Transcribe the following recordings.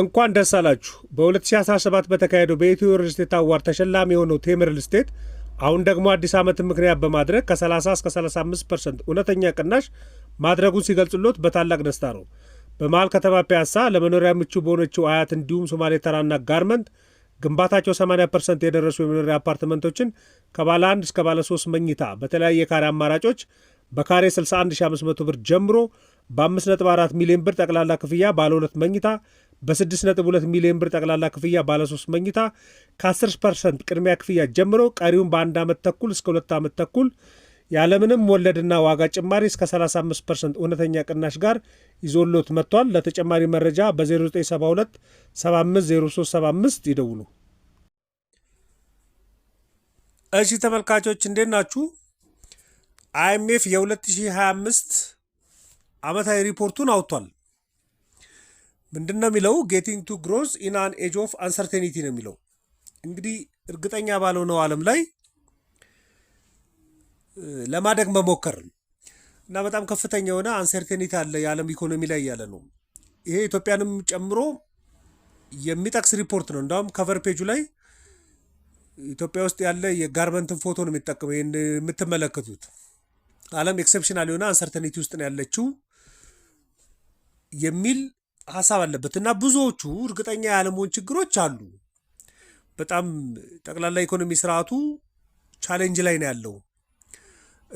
እንኳን ደስ አላችሁ። በ2017 በተካሄደው በኢትዮ ሪል ስቴት አዋር ተሸላሚ የሆነው ቴምር ሪል ስቴት አሁን ደግሞ አዲስ ዓመትን ምክንያት በማድረግ ከ30 እስከ 35 ፐርሰንት እውነተኛ ቅናሽ ማድረጉን ሲገልጽሎት በታላቅ ደስታ ነው። በመሀል ከተማ ፒያሳ ለመኖሪያ ምቹ በሆነችው አያት እንዲሁም ሶማሌ ተራና ጋርመንት ግንባታቸው 80 ፐርሰንት የደረሱ የመኖሪያ አፓርትመንቶችን ከባለ 1 እስከ ባለ 3 መኝታ በተለያየ ካሬ አማራጮች በካሬ 61500 ብር ጀምሮ በ5.4 ሚሊዮን ብር ጠቅላላ ክፍያ ባለ 2 መኝታ በ6.2 ሚሊዮን ብር ጠቅላላ ክፍያ ባለሶስት መኝታ ከ10 ፐርሰንት ቅድሚያ ክፍያ ጀምሮ ቀሪውን በአንድ ዓመት ተኩል እስከ ሁለት ዓመት ተኩል ያለምንም ወለድና ዋጋ ጭማሪ እስከ 35 ፐርሰንት እውነተኛ ቅናሽ ጋር ይዞሎት መጥቷል። ለተጨማሪ መረጃ በ0972 750375 ይደውሉ። እሺ ተመልካቾች እንዴት ናችሁ? አይኤምኤፍ የ2025 ዓመታዊ ሪፖርቱን አውጥቷል። ምንድን ነው የሚለው? ጌቲንግ ቱ ግሮዝ ኢን አን ኤጅ ኦፍ አንሰርቴኒቲ ነው የሚለው። እንግዲህ እርግጠኛ ባልሆነው ዓለም ላይ ለማደግ መሞከር እና በጣም ከፍተኛ የሆነ አንሰርቴኒቲ አለ የዓለም ኢኮኖሚ ላይ ያለ ነው። ይሄ ኢትዮጵያንም ጨምሮ የሚጠቅስ ሪፖርት ነው። እንዳውም ከቨር ፔጁ ላይ ኢትዮጵያ ውስጥ ያለ የጋርመንትን ፎቶ ነው የሚጠቀመው። ይህን የምትመለከቱት ዓለም ኤክሰፕሽናል የሆነ አንሰርተኒቲ ውስጥ ነው ያለችው የሚል ሀሳብ አለበት እና ብዙዎቹ እርግጠኛ ያለመሆን ችግሮች አሉ። በጣም ጠቅላላ ኢኮኖሚ ስርዓቱ ቻሌንጅ ላይ ነው ያለው።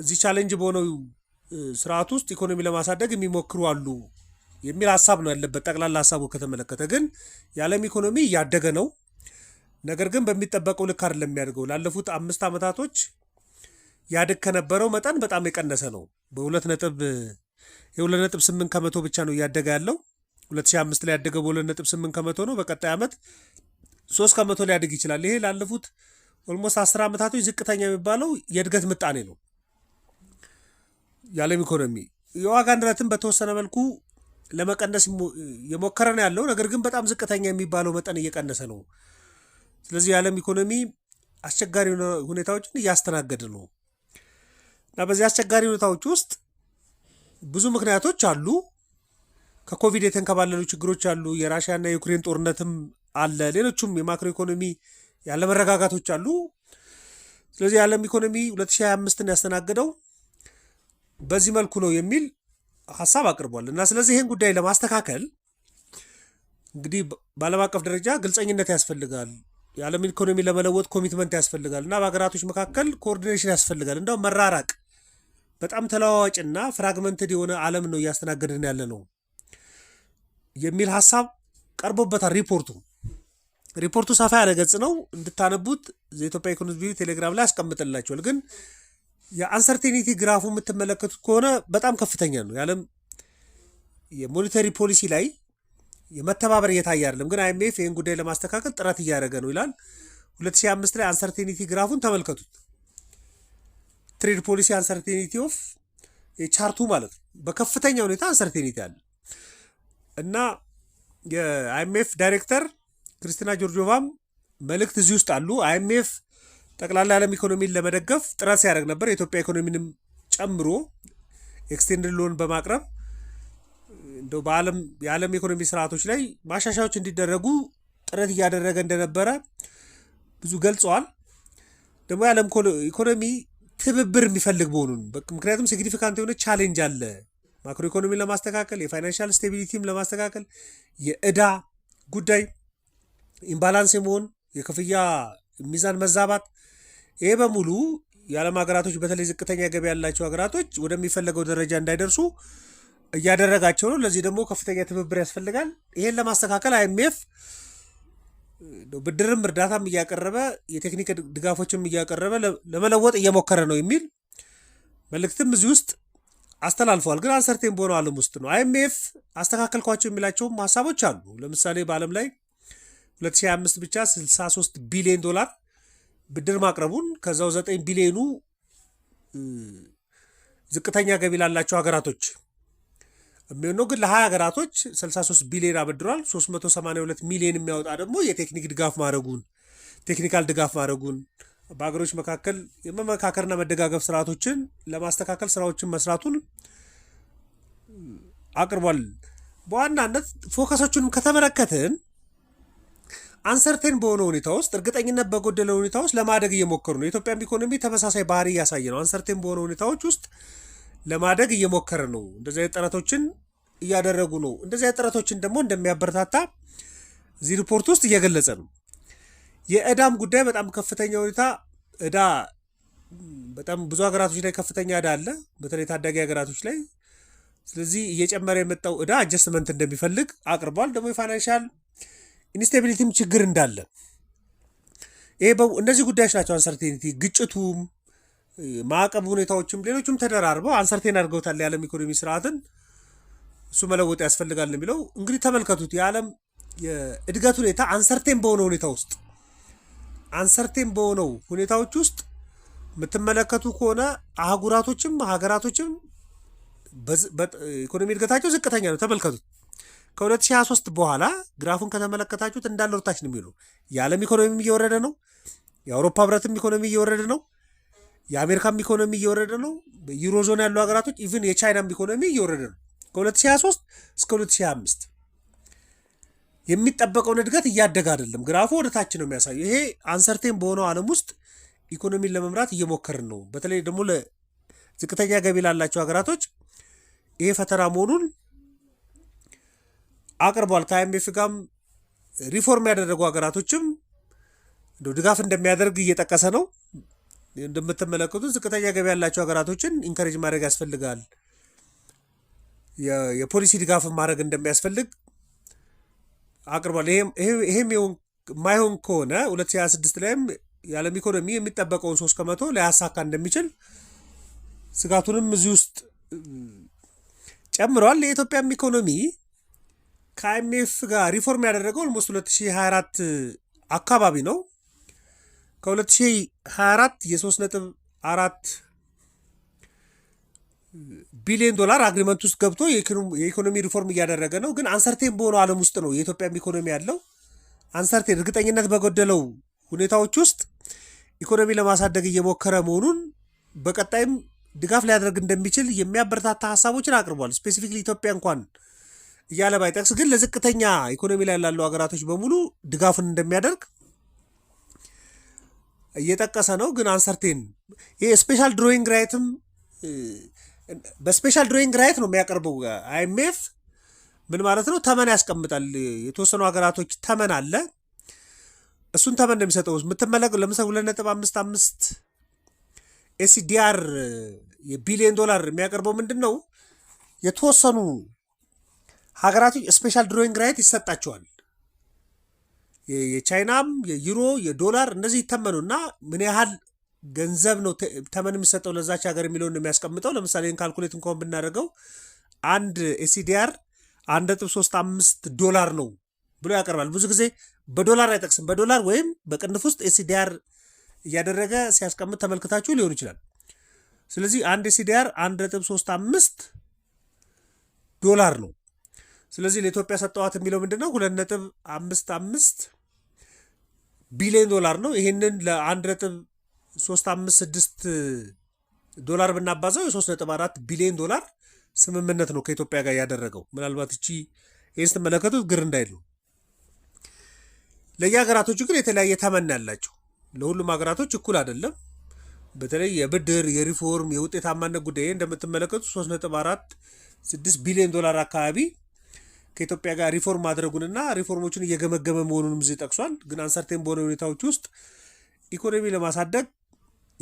እዚህ ቻሌንጅ በሆነው ስርዓት ውስጥ ኢኮኖሚ ለማሳደግ የሚሞክሩ አሉ የሚል ሀሳብ ነው ያለበት። ጠቅላላ ሀሳቡ ከተመለከተ ግን የዓለም ኢኮኖሚ እያደገ ነው። ነገር ግን በሚጠበቀው ልክ አይደለም የሚያድገው። ላለፉት አምስት ዓመታቶች ያድግ ከነበረው መጠን በጣም የቀነሰ ነው። በሁለት ነጥብ የሁለት ነጥብ ስምንት ከመቶ ብቻ ነው እያደገ ያለው። 2005 ላይ ያደገው በ2.8 ከመቶ ነው። በቀጣይ ዓመት ሶስት ከመቶ ሊያድግ ይችላል። ይሄ ላለፉት ኦልሞስት አስር ዓመታቶች ዝቅተኛ የሚባለው የእድገት ምጣኔ ነው የዓለም ኢኮኖሚ። የዋጋ ንረትን በተወሰነ መልኩ ለመቀነስ የሞከረ ነው ያለው፣ ነገር ግን በጣም ዝቅተኛ የሚባለው መጠን እየቀነሰ ነው። ስለዚህ የዓለም ኢኮኖሚ አስቸጋሪ ሁኔታዎችን እያስተናገደ ነው እና በዚህ አስቸጋሪ ሁኔታዎች ውስጥ ብዙ ምክንያቶች አሉ። ከኮቪድ የተንከባለሉ ችግሮች አሉ። የራሽያና የዩክሬን ጦርነትም አለ። ሌሎቹም የማክሮ ኢኮኖሚ ያለመረጋጋቶች አሉ። ስለዚህ የዓለም ኢኮኖሚ 2025ን ያስተናገደው በዚህ መልኩ ነው የሚል ሀሳብ አቅርቧል እና ስለዚህ ይህን ጉዳይ ለማስተካከል እንግዲህ በዓለም አቀፍ ደረጃ ግልጸኝነት ያስፈልጋል። የዓለም ኢኮኖሚ ለመለወጥ ኮሚትመንት ያስፈልጋል እና በሀገራቶች መካከል ኮኦርዲኔሽን ያስፈልጋል። እንደው መራራቅ በጣም ተለዋዋጭና ፍራግመንትድ የሆነ ዓለም ነው እያስተናገድን ያለ ነው። የሚል ሀሳብ ቀርቦበታል። ሪፖርቱ ሪፖርቱ ሰፋ ያለ ገጽ ነው እንድታነቡት ዘኢትዮጵያ ኢኮኖሚ ቴሌግራም ላይ ያስቀምጥላቸዋል። ግን የአንሰርቴኒቲ ግራፉ የምትመለከቱት ከሆነ በጣም ከፍተኛ ነው። የዓለም የሞኔተሪ ፖሊሲ ላይ የመተባበር እየታየ አይደለም። ግን አይኤምኤፍ ይህን ጉዳይ ለማስተካከል ጥረት እያደረገ ነው ይላል። 2005 ላይ አንሰርቴኒቲ ግራፉን ተመልከቱት። ትሬድ ፖሊሲ አንሰርቴኒቲ ኦፍ ቻርቱ ማለት ነው። በከፍተኛ ሁኔታ አንሰርቴኒቲ አለ። እና የአይኤምኤፍ ዳይሬክተር ክርስቲና ጆርጆቫም መልእክት እዚህ ውስጥ አሉ። አይኤምኤፍ ጠቅላላ ዓለም ኢኮኖሚን ለመደገፍ ጥረት ሲያደርግ ነበር። የኢትዮጵያ ኢኮኖሚንም ጨምሮ ኤክስቴንድድ ሎን በማቅረብ እንደው በዓለም የዓለም ኢኮኖሚ ስርዓቶች ላይ ማሻሻዎች እንዲደረጉ ጥረት እያደረገ እንደነበረ ብዙ ገልጸዋል። ደግሞ የዓለም ኢኮኖሚ ትብብር የሚፈልግ መሆኑን ምክንያቱም ሲግኒፊካንት የሆነ ቻሌንጅ አለ ማክሮ ኢኮኖሚን ለማስተካከል የፋይናንሻል ስቴቢሊቲም ለማስተካከል የእዳ ጉዳይ ኢምባላንስ የመሆን የክፍያ ሚዛን መዛባት፣ ይሄ በሙሉ የዓለም ሀገራቶች በተለይ ዝቅተኛ ገቢ ያላቸው ሀገራቶች ወደሚፈለገው ደረጃ እንዳይደርሱ እያደረጋቸው ነው። ለዚህ ደግሞ ከፍተኛ ትብብር ያስፈልጋል። ይሄን ለማስተካከል አይኤምኤፍ ብድርም እርዳታም እያቀረበ የቴክኒክ ድጋፎችም እያቀረበ ለመለወጥ እየሞከረ ነው የሚል መልእክትም እዚህ ውስጥ አስተላልፈዋል። ግን አንሰርቴን በሆነው ዓለም ውስጥ ነው። አይኤምኤፍ አስተካከልኳቸው የሚላቸውም ሀሳቦች አሉ። ለምሳሌ በዓለም ላይ 2025 ብቻ 63 ቢሊዮን ዶላር ብድር ማቅረቡን ከዛው 9 ቢሊዮኑ ዝቅተኛ ገቢ ላላቸው ሀገራቶች የሚሆነው ግን ለ20 ሀገራቶች 63 ቢሊዮን አበድሯል። 382 ሚሊዮን የሚያወጣ ደግሞ የቴክኒክ ድጋፍ ማድረጉን ቴክኒካል ድጋፍ ማድረጉን በሀገሮች መካከል የመመካከርና መደጋገፍ ስርዓቶችን ለማስተካከል ስራዎችን መስራቱን አቅርቧል። በዋናነት ፎከሶቹንም ከተመለከትን አንሰርቴን በሆነ ሁኔታ ውስጥ እርግጠኝነት በጎደለ ሁኔታ ውስጥ ለማደግ እየሞከሩ ነው። የኢትዮጵያም ኢኮኖሚ ተመሳሳይ ባህሪ እያሳየ ነው። አንሰርቴን በሆነ ሁኔታዎች ውስጥ ለማደግ እየሞከረ ነው። እንደዚህ አይነት ጥረቶችን እያደረጉ ነው። እንደዚህ አይነት ጥረቶችን ደግሞ እንደሚያበረታታ እዚህ ሪፖርት ውስጥ እየገለጸ ነው። የእዳም ጉዳይ በጣም ከፍተኛ ሁኔታ እዳ በጣም ብዙ ሀገራቶች ላይ ከፍተኛ እዳ አለ፣ በተለይ ታዳጊ ሀገራቶች ላይ። ስለዚህ እየጨመረ የመጣው እዳ አጀስትመንት እንደሚፈልግ አቅርቧል። ደግሞ የፋይናንሻል ኢንስቴቢሊቲም ችግር እንዳለ ይሄ እነዚህ ጉዳዮች ናቸው። አንሰርቴኒቲ ግጭቱም፣ ማዕቀብ ሁኔታዎችም፣ ሌሎችም ተደራርበው አንሰርቴን አድርገውታል የዓለም ኢኮኖሚ ስርዓትን። እሱ መለወጥ ያስፈልጋል የሚለው። እንግዲህ ተመልከቱት የዓለም የእድገት ሁኔታ አንሰርቴን በሆነ ሁኔታ ውስጥ አንሰርቴን በሆነው ሁኔታዎች ውስጥ የምትመለከቱ ከሆነ አህጉራቶችም ሀገራቶችም ኢኮኖሚ እድገታቸው ዝቅተኛ ነው። ተመልከቱት። ከ2023 በኋላ ግራፉን ከተመለከታችሁት እንዳለ ወርታች ነው የሚሉ የዓለም ኢኮኖሚም እየወረደ ነው። የአውሮፓ ህብረትም ኢኮኖሚ እየወረደ ነው። የአሜሪካም ኢኮኖሚ እየወረደ ነው። ዩሮዞን ያሉ ሀገራቶች ኢቭን የቻይናም ኢኮኖሚ እየወረደ ነው ከ2023 እስከ 2025 የሚጠበቀውን እድገት እያደገ አይደለም። ግራፉ ወደ ታች ነው የሚያሳየው። ይሄ አንሰርቴን በሆነው ዓለም ውስጥ ኢኮኖሚን ለመምራት እየሞከርን ነው። በተለይ ደግሞ ለዝቅተኛ ገቢ ላላቸው ሀገራቶች ይሄ ፈተና መሆኑን አቅርቧል። ከአይኤምኤፍ ጋርም ሪፎርም ያደረጉ ሀገራቶችም ድጋፍ እንደሚያደርግ እየጠቀሰ ነው። እንደምትመለከቱት ዝቅተኛ ገቢ ያላቸው ሀገራቶችን ኢንከሬጅ ማድረግ ያስፈልጋል። የፖሊሲ ድጋፍ ማድረግ እንደሚያስፈልግ አቅርቧል። ይህም የማይሆን ከሆነ 2026 ላይም የዓለም ኢኮኖሚ የሚጠበቀውን ሶስት ከመቶ ሊያሳካ እንደሚችል ስጋቱንም እዚህ ውስጥ ጨምሯል። የኢትዮጵያም ኢኮኖሚ ከአይኤምኤፍ ጋር ሪፎርም ያደረገው ኦልሞስት 2024 አካባቢ ነው። ከ2024 የ3 ነጥብ አራት ቢሊዮን ዶላር አግሪመንት ውስጥ ገብቶ የኢኮኖሚ ሪፎርም እያደረገ ነው። ግን አንሰርቴን በሆነው ዓለም ውስጥ ነው የኢትዮጵያም ኢኮኖሚ ያለው። አንሰርቴን እርግጠኝነት በጎደለው ሁኔታዎች ውስጥ ኢኮኖሚ ለማሳደግ እየሞከረ መሆኑን በቀጣይም ድጋፍ ሊያደርግ እንደሚችል የሚያበረታታ ሀሳቦችን አቅርቧል። ስፔሲፊክሊ ኢትዮጵያ እንኳን እያለ ባይጠቅስ ግን ለዝቅተኛ ኢኮኖሚ ላይ ላሉ ሀገራቶች በሙሉ ድጋፉን እንደሚያደርግ እየጠቀሰ ነው። ግን አንሰርቴን ይሄ ስፔሻል ድሮይንግ ራይትም በስፔሻል ድሮይንግ ራይት ነው የሚያቀርበው አይኤምኤፍ። ምን ማለት ነው? ተመን ያስቀምጣል። የተወሰኑ ሀገራቶች ተመን አለ። እሱን ተመን ነው የሚሰጠው። የምትመለከው ለምሳሌ ሁለት ነጥብ አምስት አምስት ኤሲዲአር የቢሊዮን ዶላር የሚያቀርበው ምንድን ነው? የተወሰኑ ሀገራቶች ስፔሻል ድሮይንግ ራይት ይሰጣቸዋል። የቻይናም የዩሮ የዶላር እነዚህ ይተመኑና ምን ያህል ገንዘብ ነው ተመን የሚሰጠው ለዛች ሀገር የሚለውን የሚያስቀምጠው። ለምሳሌ ካልኩሌት እንኳን ብናደርገው አንድ ኤሲዲአር አንድ ነጥብ ሶስት አምስት ዶላር ነው ብሎ ያቀርባል። ብዙ ጊዜ በዶላር አይጠቅስም። በዶላር ወይም በቅንፍ ውስጥ ኤሲዲአር እያደረገ ሲያስቀምጥ ተመልክታችሁ ሊሆን ይችላል። ስለዚህ አንድ ኤሲዲአር አንድ ነጥብ ሶስት አምስት ዶላር ነው። ስለዚህ ለኢትዮጵያ ሰጠዋት የሚለው ምንድን ነው? ሁለት ነጥብ አምስት አምስት ቢሊዮን ዶላር ነው። ይህንን ለአንድ ነጥብ ሶስት አምስት ስድስት ዶላር ብናባዛው የሶስት ነጥብ አራት ቢሊዮን ዶላር ስምምነት ነው ከኢትዮጵያ ጋር ያደረገው። ምናልባት እቺ ይህን ስትመለከቱት ግር እንዳይሉ። ለየሀገራቶቹ ግን የተለያየ ተመን ያላቸው ለሁሉም ሀገራቶች እኩል አይደለም። በተለይ የብድር የሪፎርም የውጤታማነት ጉዳይ እንደምትመለከቱት ሶስት ነጥብ አራት ስድስት ቢሊዮን ዶላር አካባቢ ከኢትዮጵያ ጋር ሪፎርም ማድረጉንና ሪፎርሞችን እየገመገመ መሆኑንም እዚህ ጠቅሷል። ግን አንሰርቴን በሆነ ሁኔታዎች ውስጥ ኢኮኖሚ ለማሳደግ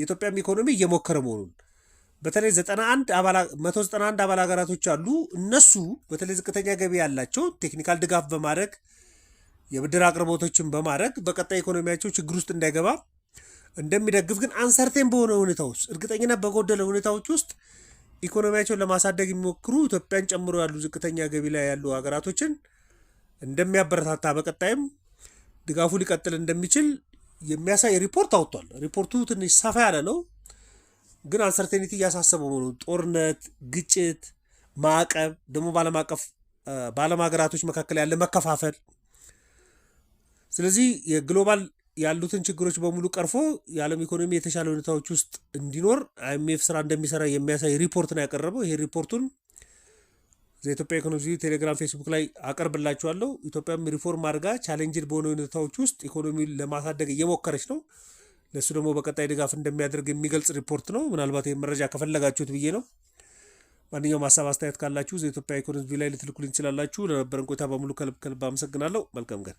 የኢትዮጵያም ኢኮኖሚ እየሞከረ መሆኑን በተለይ 91 አባላ 191 አባል ሀገራቶች አሉ። እነሱ በተለይ ዝቅተኛ ገቢ ያላቸው ቴክኒካል ድጋፍ በማድረግ የብድር አቅርቦቶችን በማድረግ በቀጣይ ኢኮኖሚያቸው ችግር ውስጥ እንዳይገባ እንደሚደግፍ ግን አንሰርቴን በሆነ ሁኔታ ውስጥ እርግጠኝነት በጎደለ ሁኔታዎች ውስጥ ኢኮኖሚያቸውን ለማሳደግ የሚሞክሩ ኢትዮጵያን ጨምሮ ያሉ ዝቅተኛ ገቢ ላይ ያሉ ሀገራቶችን እንደሚያበረታታ በቀጣይም ድጋፉ ሊቀጥል እንደሚችል የሚያሳይ ሪፖርት አውጥቷል። ሪፖርቱ ትንሽ ሰፋ ያለ ነው፣ ግን አንሰርቴኒቲ እያሳሰበ መሆኑ ጦርነት፣ ግጭት፣ ማዕቀብ ደግሞ በዓለም አቀፍ በዓለም ሀገራቶች መካከል ያለ መከፋፈል ስለዚህ የግሎባል ያሉትን ችግሮች በሙሉ ቀርፎ የዓለም ኢኮኖሚ የተሻለ ሁኔታዎች ውስጥ እንዲኖር አይኤምኤፍ ስራ እንደሚሰራ የሚያሳይ ሪፖርት ነው ያቀረበው። ይሄ ሪፖርቱን ዘኢትዮጵያ ኢኮኖሚ ቴሌግራም፣ ፌስቡክ ላይ አቀርብላችኋለሁ። ኢትዮጵያም ሪፎርም አድርጋ ቻሌንጅድ በሆነ ሁኔታዎች ውስጥ ኢኮኖሚ ለማሳደግ እየሞከረች ነው። ለእሱ ደግሞ በቀጣይ ድጋፍ እንደሚያደርግ የሚገልጽ ሪፖርት ነው። ምናልባት ይህ መረጃ ከፈለጋችሁት ብዬ ነው። ማንኛውም ሀሳብ አስተያየት ካላችሁ ዘኢትዮጵያ ኢኮኖሚ ላይ ልትልኩልኝ ትችላላችሁ። ለነበረን ቆይታ በሙሉ ከልብ ከልብ አመሰግናለሁ። መልካም ቀን።